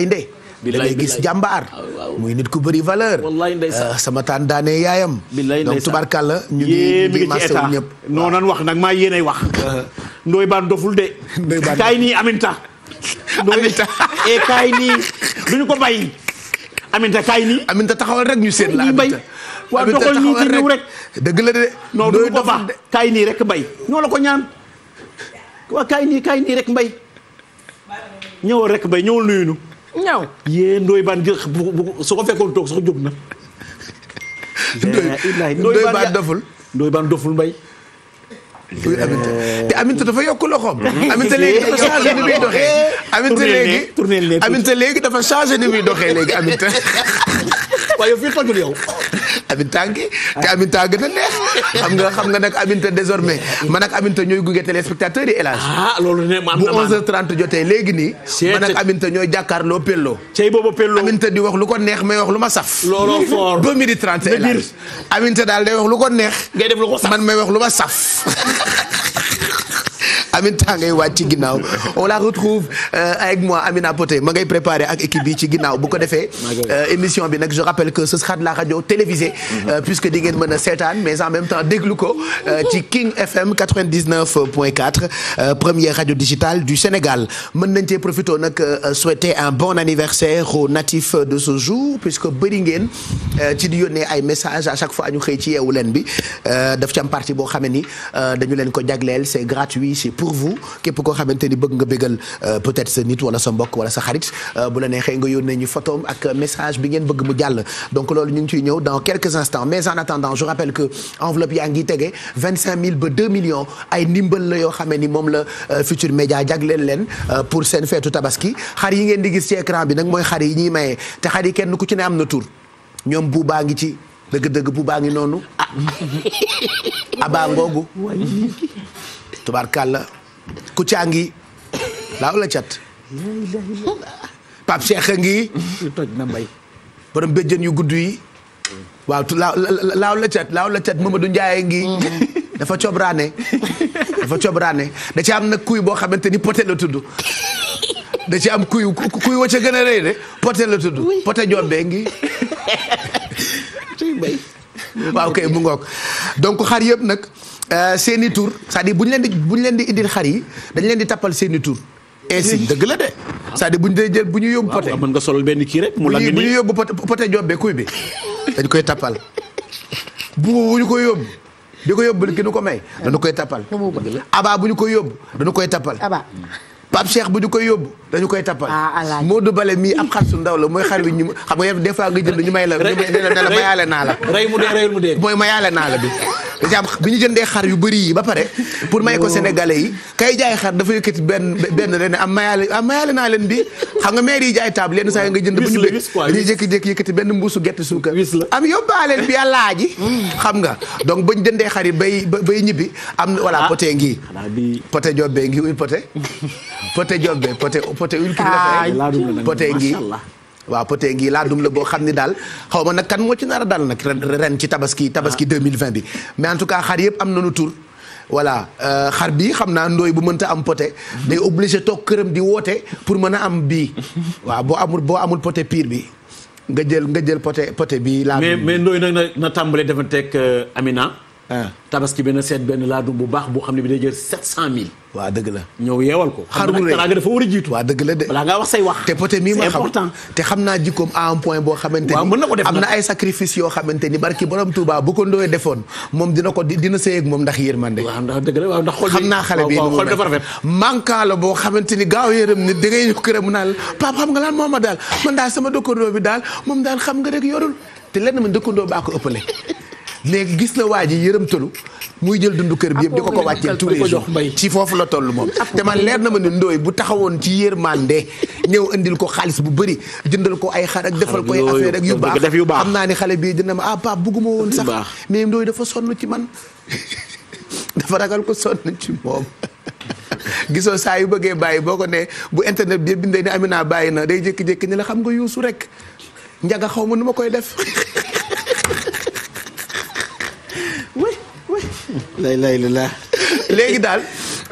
gaynde da ngay gis jàmbaar muy nit ku bëri valeur euh, sama taan daane yaayam donc tubaarkàlla ñu ngi mi ngi ci état ñëpp non nan wax nag maa yéenay wax ndoy baan doful de kaay nii aminta aminta e kaay nii duñu ko bàyyi aminta kaay nii aminta taxawal rek ñu seet la aminta waaw doxal nii ci ñëw rek dëgg la de non duñu ko baax kaay nii rek mbay ñoo la ko ñaan waa kaay nii rek mbay ñëwal rek mbay ñëwal nuyunu ñaaw yee Ndoye Bane gi su ko fekkoon toog sax jóg na. Ndoye Bane doful Ndoye Bane doful mbay. te Aminta dafa yokk loxoom. Aminta léegi dafa changé ni muy doxee. Aminta léegi Aminta léegi dafa changé ni muy doxee léegi Aminta. waaye fii xajul yow. Aminta ngi te Aminta gën neex xam nga xam nga nag Aminta désormais man ak Aminta ñooy gunge téléspectateurs yi El Hadj. ah loolu ne man bu 11h30 jotee léegi nii. man ak Aminta ñooy loo Pello. cey boobu di wax lu ko neex may wax lu ma saf. looloo fort ba midi daal day wax lu ko neex. ngay def lu ko saf man may wax lu ma saf. Aminta ngay wàcc ci ginnaaw on la retrouve euh, avec moi Amina Poté ma ngay préparé ak équipe bi ci ginnaaw bu ko defee euh, émission bi nag je rappelle que ce sera de la radio télévisée euh, puisque di ngeen mën a seetaan mais en même temps déglu ko ci King FM 99.4 première radio digitale du Sénégal mën nañ cee profité nag souhaiter un bon anniversaire aux natifs de ce jour puisque bëri ngeen ci di yónnee ay message à chaque fois ñu xëy ci yeewu leen bi daf ci am partie boo xam ni pour vous képp koo xamante ni bëgg nga bégal euh, peut-être sa nit wala sa mbokk wala sa xarit euh, bu la neexee nga yónnee ñu photoom ak message bi ngeen bëgg mu jàll donc loolu ñu ngi ciy ñëw dans quelques instants mais en attendant je rappelle que enveloppe yaa ngi tege vingt cinq mille ba deux millions ay ndimbal la yoo xamee ni moom la euh, Futurs Médias jagleel leen pour seen feetu tabaski xar yi ngeen di gis ci écran bi nag mooy xar yi ñuy maye te xar yi kenn ku ci ne am na tur ñoom buubaa ngi ci dëgg-dëgg buubaa ngi noonu Kouthia ngi laaw la cat. Pape Cheikh a ngi. toj na mbay. borom yu gudd yi. waaw laaw la cat laaw la cat Mamadou Ndiaye ngi. dafa cobraane dafa cobraane da ci am nag kuy boo xamante ni poté la tudd. da ci am kuy kuy wa ca gën a rëy de tudd poté jombee ngi. waaw kay mu ngoog donc xar yëpp nag. Euh, seen i tur cest à leen di bu ñu leen di indi xar yi dañ leen di tappal seen tur ainsi dëgg la de cest à bu ñu dee jël bu ñu yóbbu poté mën nga benn kii rek mu lagg bu ñu yóbbu poté poté kuy bi dañu koy tappal bu bu ñu koy yóbbu ko yóbbu ki nu ko may dañu koy tappal abaa bu ñu koy yóbbu dañu koy tappal abaa Pape Cheikh bu ñu koy yóbbu dañu koy tappal ah, Modou Bale mii ab xar su ndaw la mooy xar wi ñu xam nga des fois nga jënd ñu may la ne mayaale naa la mooy mayaale naa la bi daam ñu jëndee xar yu bëri yi ba pare pour may ko oh. sénégalais yi kay jaay xar dafa benn benn leen am mayaale am mayaale naa leen bi xam nga maire yi jaay table yenn saa yi nga jënd bu ñu bëgg dañuy jékki-jékki yëkkati benn mbuusu gerte suukar am yóbbaaleel bi yàllaa ji xam nga donc bañ jëndee xar yi bay bay ñibbi am voilà ah. poté ngii poté jobbee ngi une poté poté jobbe poté poté ulkil la ah, poté ngi waaw poté ngi laa dum la boo xam ni daal xaw ma nag kan moo ci daal nag ren ci tabaski tabaski 2020 ah. bi mais en tout cas xar yëpp am nañu tur voilà euh, xar bi xam naa ndooy bu mën mënta am poté day obligé toog këram di woote pour mën a am bii waaw boo amul boo amul poté pire bi nga jël nga jël poté poté bii laa mais mais ndooy nag na tàmbalee defanteeg euh, Amina Ah. tabaski benn seet benn laadum bu baax boo xam ne bi day jël sept cent mille waa dëgg la ñëw yeewal ko xar bu rëy nga dafa war a jiitu waa dëgg la de balaa ngaa wax say wax te poté mii xam te xam naa jikkoom à un point boo xamante ni am na ay sacrifice yoo xamante ni barki borom Touba bu ko ndooyee defoon moom dina ko dina sëyeeg moom ndax yërmande waaw ndax dëgg la xam naa xale bi xol dafa rafet manquant la boo xamante ni gaaw yërëm ni da ngay ñu këram naan papa xam nga laan mooma daal man daal sama dëkkandoo bi daal moom daal xam nga rek yorul te lenn man dëkkandoo baa ko léegi gis na waa ji yërëmtalu muy jël dundu kër bi yëpp di ko ko wàccee tous les ci foofu la toll moom te man leer na ma ne ndooy bu taxawoon ci de ñëw indil ko xaalis bu bari jëndal ko ay xarak ak defal ko ay affaire ak yu baax xam naa ni xale bii dina ma ah pap bugguma woon sax mais ndooy dafa sonn ci man dafa ragal ko sonn ci moom gisoo saa yu bëggee bàyyi boo ko nee bu internet bi yëpp bindee ne naa bàyyi na day jékki-jékki ni xam nga yuusu rek njag xaw ma nu ma koy def lay lay la léegi daal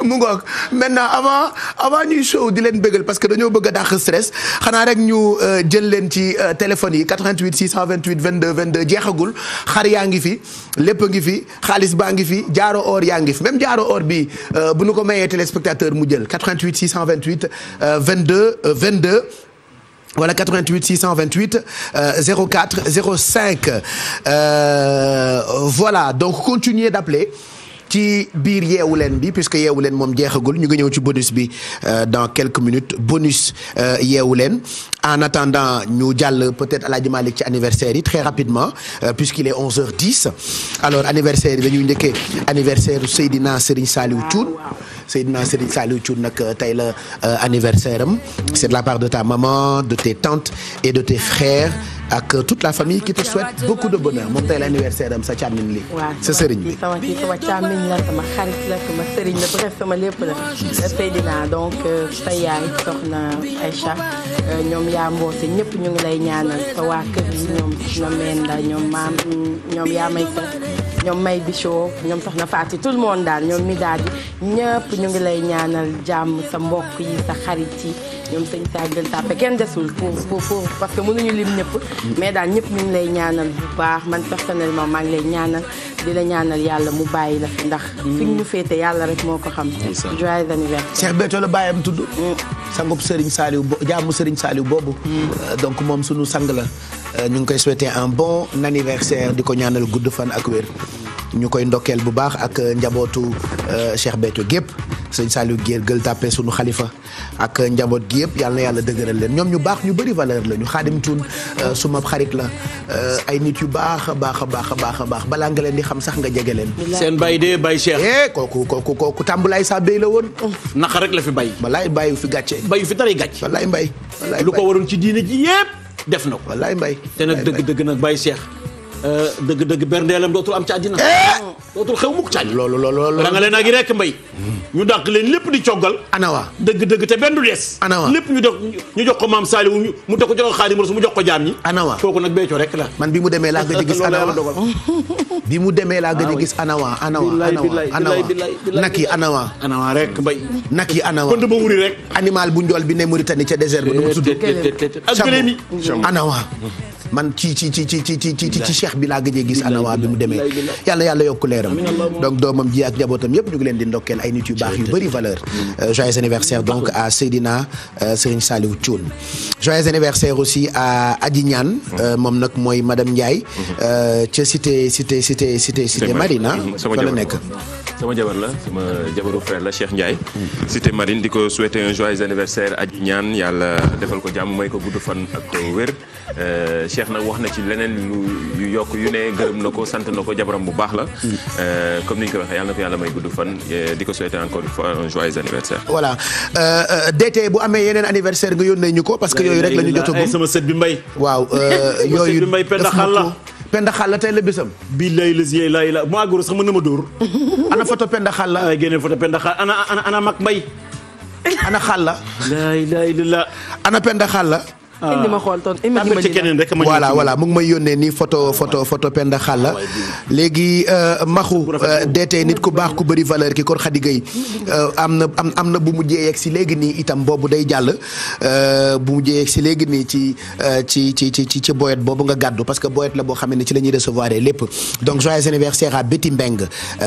mu ngoog maintenant avant avant ñuy show di leen bëggal parce que dañoo bëgg a dàq stress xanaa rek ñu euh, jël leen ci euh, téléphone yi 88 628 22 22 jeexagul xar yaa ngi fi lépp ngi fi xaalis baa ngi fi jaaro or yaa ngi fi même jaaro or bi euh, bu nu ko mayee téléspectateur mu jël 88 628 22 22. wala 88 628 04 05 voilà donc continuez d'appeler ci biir yeewu leen bi puisque yeewu leen moom jeexagul ñu ngi ñëw ci bonus bi euh, dans quelques minutes bonus euh, yeewu leen en attendant ñu jàll peut-être Alaaji Malick ci anniversaire yi rapidement euh, puisqu'il est 11 h alors anniversaire yi dañuy njëkkee anniversaire Seydina Serigne Saliou Thioune Seydina Serigne Saliou Thioune nag euh, tey la euh, c'est de la part de ta maman de tes tantes et de tes frères ak toute la famille qui te souhaite beaucoup de bonheur moom tey la anniversaire am sa càmmiñ li sa sëriñ bi sama kii sama càmmiñ la sama xarit la sama sëriñ la bref jàmboose ñëpp ñu ngi lay ñaanal sa waa kër yi ñoom ñoom Menda ñoom maam ñoom yaa may sax ñoom may bichoo ñoom soxna Faati tout le monde daal ñoom mi daal ñëpp ñu ngi lay ñaanal jàmm sa mbokk yi sa xarit yi ñoom sëñ Saal Gueule Tapée kenn desul pour pour parce que mënuñu lim ñëpp. mais daal ñëpp ñu lay ñaanal bu baax man personnellement maa ngi lay ñaanal di la ñaanal yàlla mu bàyyi la fi ndax. fi ñu féete yàlla rek moo ko xam. joyeux anniversaire. Cheikh Béthio la bàyyam tudd. Mm. sangub Serigne Saliou bo jaamu Serigne Saliou boobu. Mm. Euh, donc moom sunu sang la. Euh, ñu ngi koy souhaiter un bon anniversaire di ko ñaanal gudd fan ak wér. ñu koy ndokkeel bu baax ak euh, njabootu euh, Cheikh Béthio gépp sëñ Saliou Guèye gël Tapée sunu xalifa ak njaboot gi yëpp yàlla na yàlla dëgëral leen ñoom ñu baax ñu bëri valeur la ñu xaadim tuun euh, suma xarit la ay nit yu baax a baax a baax a baax a baax balaa nga leen di xam sax nga jege leen. seen bay dee bay Cheikh. eh kooku kooku kooku tàmbalaay saa béy la woon. naqa rek la fi bay. walaay bayu fi gàcce. bayu fi taray gàcce. walaay mbay. walaay mbay lu ko waroon ci diine ji yëpp def na ko. walaay mbay. te nag dëgg dëgg nag bay Cheikh. dëgg-dëgg euh, berndeelam dootul am ci àddina eh! dootul xew mukk ci àddina loolu loolu rangale naa gi rekk mbay ñu dàq leen lépp di coggal anawa dëgg-dëgg te benn du des anawa lépp ñu dox ñu jox ko maam Saaliwu mu dox ko jox ko Xaadimu Rasuul mu jox ko jaam ñi anawa kooku nag béccoo rek la man bi mu demee laa gëj a gis anawa bi mu demee laa gëj a ah, gis anawa anawa anawa naki anawa anawa rek mbay naki anawa pënd ba wuri rek animal bu njool bi ne Mauritanie ca désert ba nu mu tudd yi anawa man ci ci ci ci ci ci ci cheikh bi laa gëjee gis anawaa bi mu demee yàlla yàlla yokk leeram donc doomam ji ak njabootam yëpp ñu ngi leen di ndokkeel ay nit yu baax yu bëri valeur euh, joyeux anniversaire donc à Seydina euh, Serigne Saliou Thioune joyeux anniversaire aussi à Adji Niane euh, moom nag mooy madame Ndiaye mhm. ca cité cité cité cité cité Marina mhm. fa la nekk sama jabar la sama jabaru frère la Cheikh Ndiaye. cité marine di ko souhaiter un joyeux anniversaire aji ñaan yàlla defal ko jàmm may ko gudd fan ak wér. Euh, Cheikh na wax na ci leneen yokk yu ne gërëm na ko sant na ko jabaram bu baax la. Euh, comme ni ñu ko waxee yàlla na ko yàlla may gudd fan euh, di ko souhaiter encore une fois un joyeux anniversaire. voilà DT bu amee yeneen anniversaire nga yónnee ñu ko parce que yooyu rek la ñu jot sama sët bi mbay. waaw yooyu. sët bi Penda Xalla tey la bésam. bii la yee laay la maa góor sax mën na ana photo Penda Xalla. ay génne photo ana ana ana mag mbay. ana Xalla. la. ana Penda Xalla. Ah. indi ma xool tontu indi ma ci keneen rek. voilà voilà may yónnee ni photo photo photo Penda Xalla ah, léegi euh, maxu deetee euh, nit ku baax ku bëri valeur ki kon Khady euh, am na am am na bu mu jeeyeeg si léegi nii itam boobu day jàll bu mu jeeyeeg si léegi nii ci ci ci ci ci boyet boobu nga gàddu parce que boyet la boo xam ne ci lañuy ñuy recevoir lépp donc joyeux anniversaire à Betty Mbeng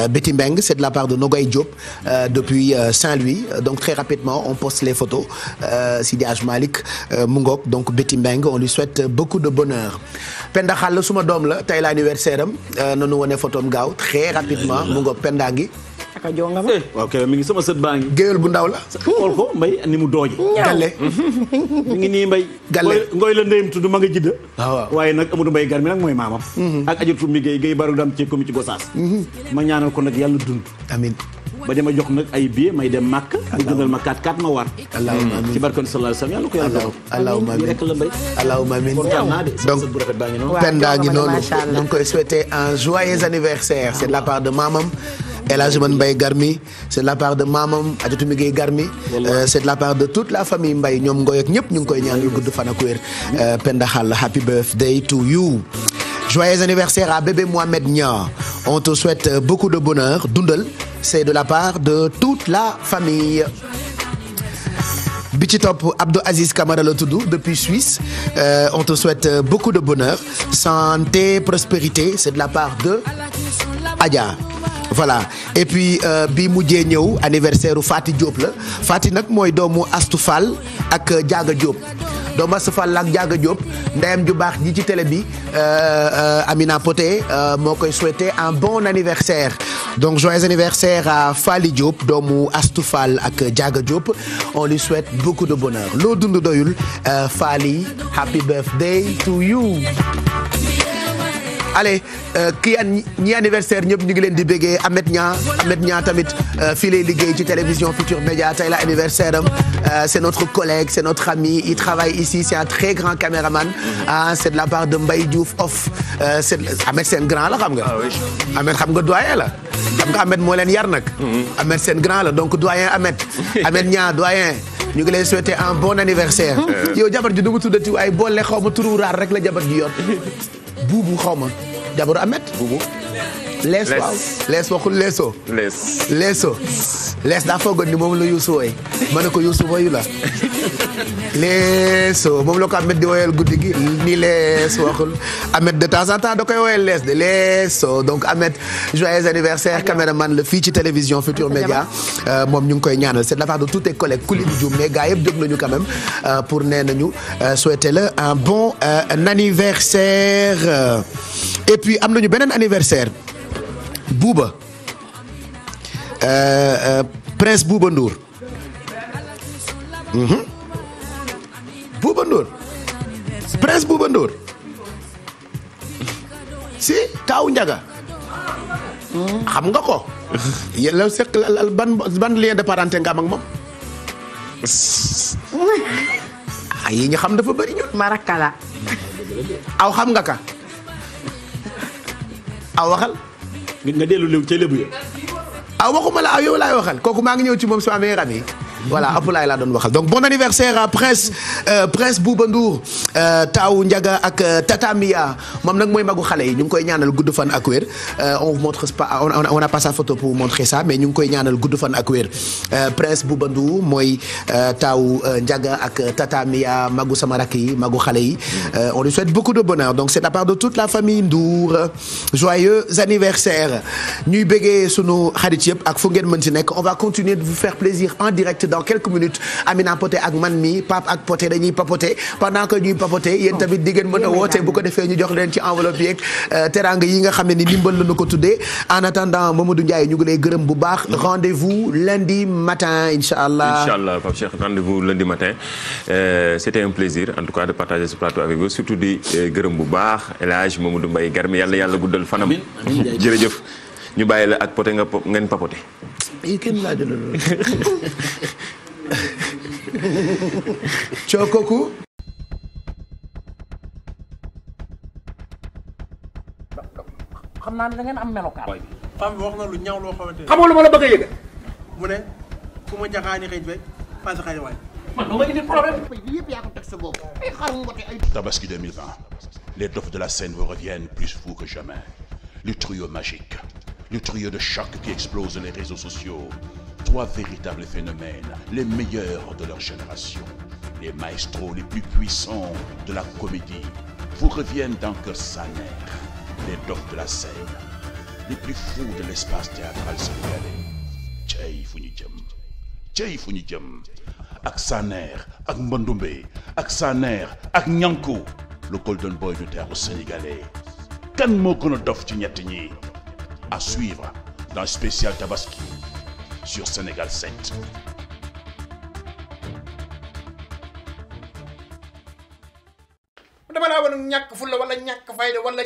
Betty Mbeng c'est de la part de Nogay Diop depuis Saint-Louis donc très rapidement on poste les photo Sidi Aj Malick mu donc Betty Mbengue on lui souhaite beaucoup de bonheur. Penda Xall suma doom la tey la anniversaire am euh, nanu wane photom gaaw très rapidement mu ngoog Penda ngi. ak a jonga eh, sët baa ngi. géwél bu ndaw la. xool ko mbay ni mu dooje. galle mi ngi nii mbay. galle ngooy la ndeyam tudd ma nga jidda ah, waaye nag Amadou Mbaye gar mi nag mooy maamam. Mhm. ak ajatu mi gay gay baru dam ci commune ci Gossas. Mhm. ma ñaanal ko nag yàlla dund. amiin. ba dama jox ma 4 4 ma war hmm. ci barkan sallallahu alayhi wa sallam yàlla ko yàlla rek la mbay noonu ñu koy souhaiter un joyeux anniversaire c'est de la part de maamam El Hadj Man Mbaye Garmi c'est de la part de maamam euh, la toute la famille Mbaye ñoom Ngoy ak ñëpp ñu ngi koy ñaanal gudd fan ak wér euh, Penda Khall happy birthday to you joyeux anniversaire à bébé Mohamed Niang on te souhaite beaucoup de bonheur dundal c'est de la part de toute la famille bi ci topp Abdou Aziz Camara la tudd depuis Suisse euh, on te souhaite euh, beaucoup de bonheur santé prospérité c'est de la part de Adja voilà et puis euh, bi mujjee ñëw anniversaire u Fati Diop la Fati nag mooy doomu Astou ak Diaga Diop doomu Asfal ak Diaga Diop ndeyam ju baax ji ci télé bi euh, euh, Amina Poté euh, moo koy souhaiter un bon anniversaire donc joyeux anniversaire à Fally Diop doomu Astou ak Diaga Diop on lui souhaite beaucoup de bonheur loo dund doyul Fally happy birthday to you. allez euh, kii an ñi anniversaire ñëpp ñu ngi leen di béggee Amet Ña Amet Ña tamit euh, fii lay liggéey ci télévision Futur Média tey la anniversaire am euh, c'est notre collègue c'est notre ami il travaille ici c'est un très grand caméraman ah c'est de la part de Mbaye Diouf Off c'est Amet grand la xam nga Amet ah xam nga doyen la xam Amet moo leen yar nag mhm. Amet seen grand la donc doyen Amet Amet Ña doyen ñu ngi lay souhaiter un bon anniversaire yo jabar ji nu mu tuddati ay boole xaw ma turu raar rek la jabar ji yor buubu xaw ma jabaru Amet buubu lees waaw lees waxul leesoo lees leesoo daa foogoon ni moom la Youssou wooy ma ne ko Youssou la lees moom la ko Ahmed di woyal guddi gi ni lees waxul Ahmed de temps en temps da koy woyal lees de lees donc Ahmed joyeux anniversaire caméraman la fii ci télévision Futur Média euh, moom ñu ngi koy ñaanal c'est de la part de tous tes collègues ku lim juum mais gars yëpp nañu quand euh, pour nee ñu euh, souhaiter la un bon un anniversaire et puis am nañu beneen anniversaire buba Prince Bouba Ndour. Mhm. Ndour prince Bouba Ndour si taaw Njaga xam nga ko yàlla sekk la ban ban lien de parenté nga moom ay yi ñu xam dafa bëri ñun marakala aw xam nga ka aw waxal nga dellu léew ca lébu ya aw waxuma la aw yow laay waxal kooku maa ngi ñëw ci moom soo amee ram yi voilà Apulaay la doon waxal donc bon anniversaire à Prince euh, Prince Bouba Ndour euh, taaw Ndiaga ak euh, Tata Mia moom nag mooy magu xale yi ñu ngi koy ñaanal gudd fan ak wér on vous montre pas mais ñu ngi koy ñaanal gudd fan ak wér Prince Bouba Ndour mooy taaw Ndiaga ak Tata Mia magu sama rakk yi magu xale yi on lui souhaite beaucoup de bonheur donc c'est de la part de toute la famille Ndour joyeux anniversaire ñuy béggee sunu xarit yëpp ak fu ngeen mën ci nekk on va continuer de vous faire plaisir en direct dans quelques minutes Amina Poté ak man mi Pape ak Poté dañuy papoté pendant que ñuy papoté yéen tamit di ngeen mën a woote bu ko defee ñu jox leen ci enveloppe yeeg euh, teranga yi nga xam ne ni ndimbal la ñu ko tuddee en attendant du Ndiaye ñu ngi lay gërëm bu baax mhm. rendez-vous lundi matin incha allah incha allah Pape Cheikh rendez-vous lundi matin euh, c'était un plaisir en tout cas de partager ce plateau avec vous surtout di euh, gërëm bu baax El Hadj Mamadou Mbaye Garmi yàlla yàlla guddal fanam jërëjëf ñu bàyyi la ak poté nga ngeen papoté yi kenn laa jëloon loolu cookoku. xam naa ne da ngeen am melokaan. femme bi wax na lu ñaaw loo xamante ne. xamoo lu ma la bëgg a yëg. mu ne ku ma jaxaani xëy ba paase xëy waay. man doo ma indi problème. lii yëpp yaa ko teg sa bopp. ay xar mu ay. Tabaski 2020 les dofs de la scène vous reviennent plus fous que jamais le trio magique. le trio de choc qui explose les réseaux sociaux. Trois véritables phénomènes, les meilleurs de leur génération, les maestros les plus puissants de la comédie, vous reviennent dans que sa mère, les docs de la scène, les plus fous de l'espace théâtral sénégalais. Cey fu ñu jëm cey fu ñu ak Saner ak Mbandumbe ak ak Ñanko le golden boy du théâtre sénégalais kan moo gën a dof ci ñett ñi à suivre dans Spécial Tabaski sur Sénégal 7. dama laa wan ñàkk wala ñàkk fayda wala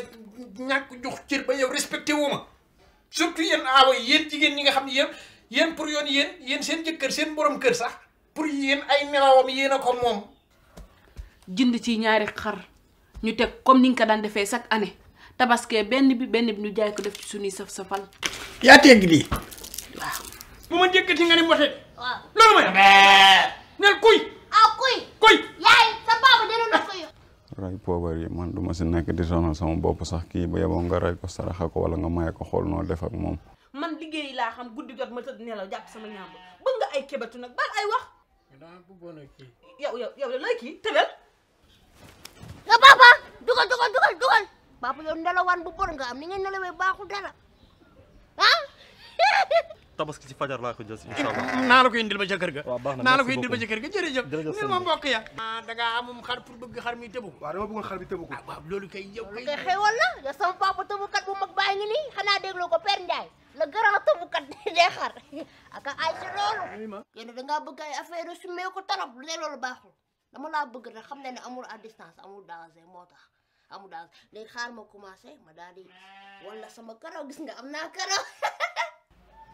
ñàkk jox cër ba respecté wu ma surtout yéen aawa yéen jigéen ñi nga xam ne yéen yéen pour yoon yéen yéen seen jëkkër seen borom kër sax pour yéen ay nelawam yéen a ko moom. jënd ci ñaari xar ñu teg comme ni nga ko daan defee chaque année. tabaskee benn bi benn bi ñu jaay ko def ci suñuy saf-safal. yaa tegg lii. waaw. bu ma njëkkati nga ni waxee. loolu mooy. neel kuy. ah kuy. kuy. yaay sa baba dina na koy. ray poobar yi man du si nekk di sonal sama bopp sax kii ba yeboo nga ray ko saraxa ko wala nga maye ko xool noo def moom. man liggéey laa xam guddi jot ma tëdd nelaw jàpp sama ñaam bëgg nga ay kebatu nag bal ay wax. daa bëggoon lay kii tëbel. nga papa dugal dugal dugal. papa yow ndelawaan bu bon nga am ni ngeen nelawee baaxul dara ah. tabaski ci fajar laa ko jël incha eh, naa la ko indil ba ca kër ga. waaw baax na naa la ko ah, bëgg xar mi tëbu. waaw dama bëggoon xar mi tëbu ko. ah waaw loolu kay yow kay. bu mag baa ngi nii xanaa dégloo la grand tëbukat day xar ah, baaxul dama laa bëgg rek xam ne ne amul à distance amul danger moo tax amul daal léegi xaar ma commencé ma daal wala sama karaw gis nga am naa karaw.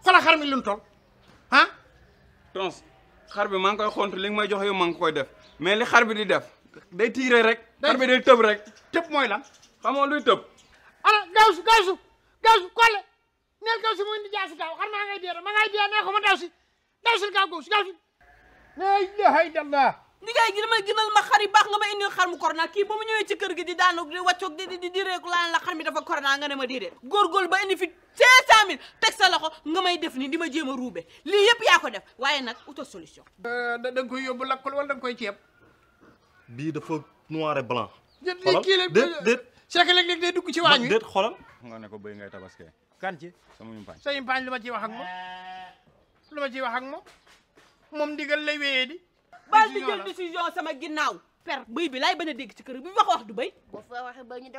xoolal xar mi lu mu toll ah. bi maa ngi koy xont li may jox yow maa ngi koy def mais li xar bi di def day tiire rek. xar bi day tëb rek tëb mooy lan xamoo luy tëb. ala gawsu gawsu gawsu kolle neel gawsu mu indi jaasi gaaw xar maa ngay dee ma ngay dee nee ko ma daw si daw si gaaw gawsu gawsu. la ilaha Ndiaye gi dama gënal ma xar yi baax nga ma indil xar mu corona kii ba mu ñëwee ci kër gi di di wàccoog di di di reeku laa nga ne ma déedéet góorgóorlu ba indi fi 500000 teg sa loxo nga may def ni di ma jéem a ruube lii yëpp yaa ko def waaye nag auto solution. Euh, da nga koy yóbbu lakkul wala da nga koy ceeb. bii dafa noir et blanc. xoolal déet déet Cheikh léeg-léeg day dugg ci waañ wi déet xoolal. nga ne ko bëy ngay tabaskee. kan ci sama yumpaañ. sa yumpaañ lu ma ciy wax ak moom lu ma ciy wax ak moom moom ndigal lay wéyee di baal di jël décision sama ginnaaw. per bëy bi laay bañ a dégg ci kër gi bu wax wax du bëy.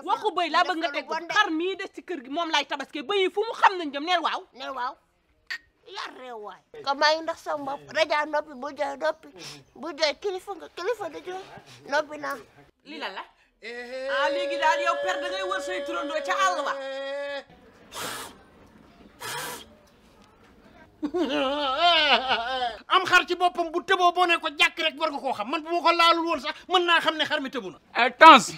waxu bëy laa bëgg nga teg xar mii des si kër gi moom laay tabaskee bëy yi fu mu xam nañ jëm neel waaw. neel waaw ah, yar réew waay. comme maa ndax sama bopp rajo noppi bu jooy noppi bu jooy kilifa nga kilifa da jooy noppi naa. lii la la ah, lii léegi daal yow per da ngay wër say turandoo ca àll ba. Eh, am xar ci boppam bu tëboo boo ne ko jàkk rek war nga koo xam man bu ma ko laalul woon sax mën naa xam ne xar mi tëbu na eh, Tange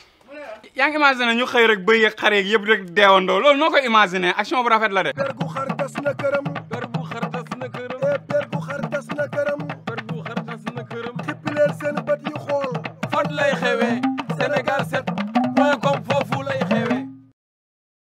yaa ngi imaginer ñu xëy rek bëy yeeg xar yeeg yëpp rek deewandoo loolu noo koy imaginer action bu rafet la de per gu xar tas na këram per gu xar tas eh, na këram per gu xar tas na këram per gu xar tas na këram xippileel seen bët yi xool fan lay xewee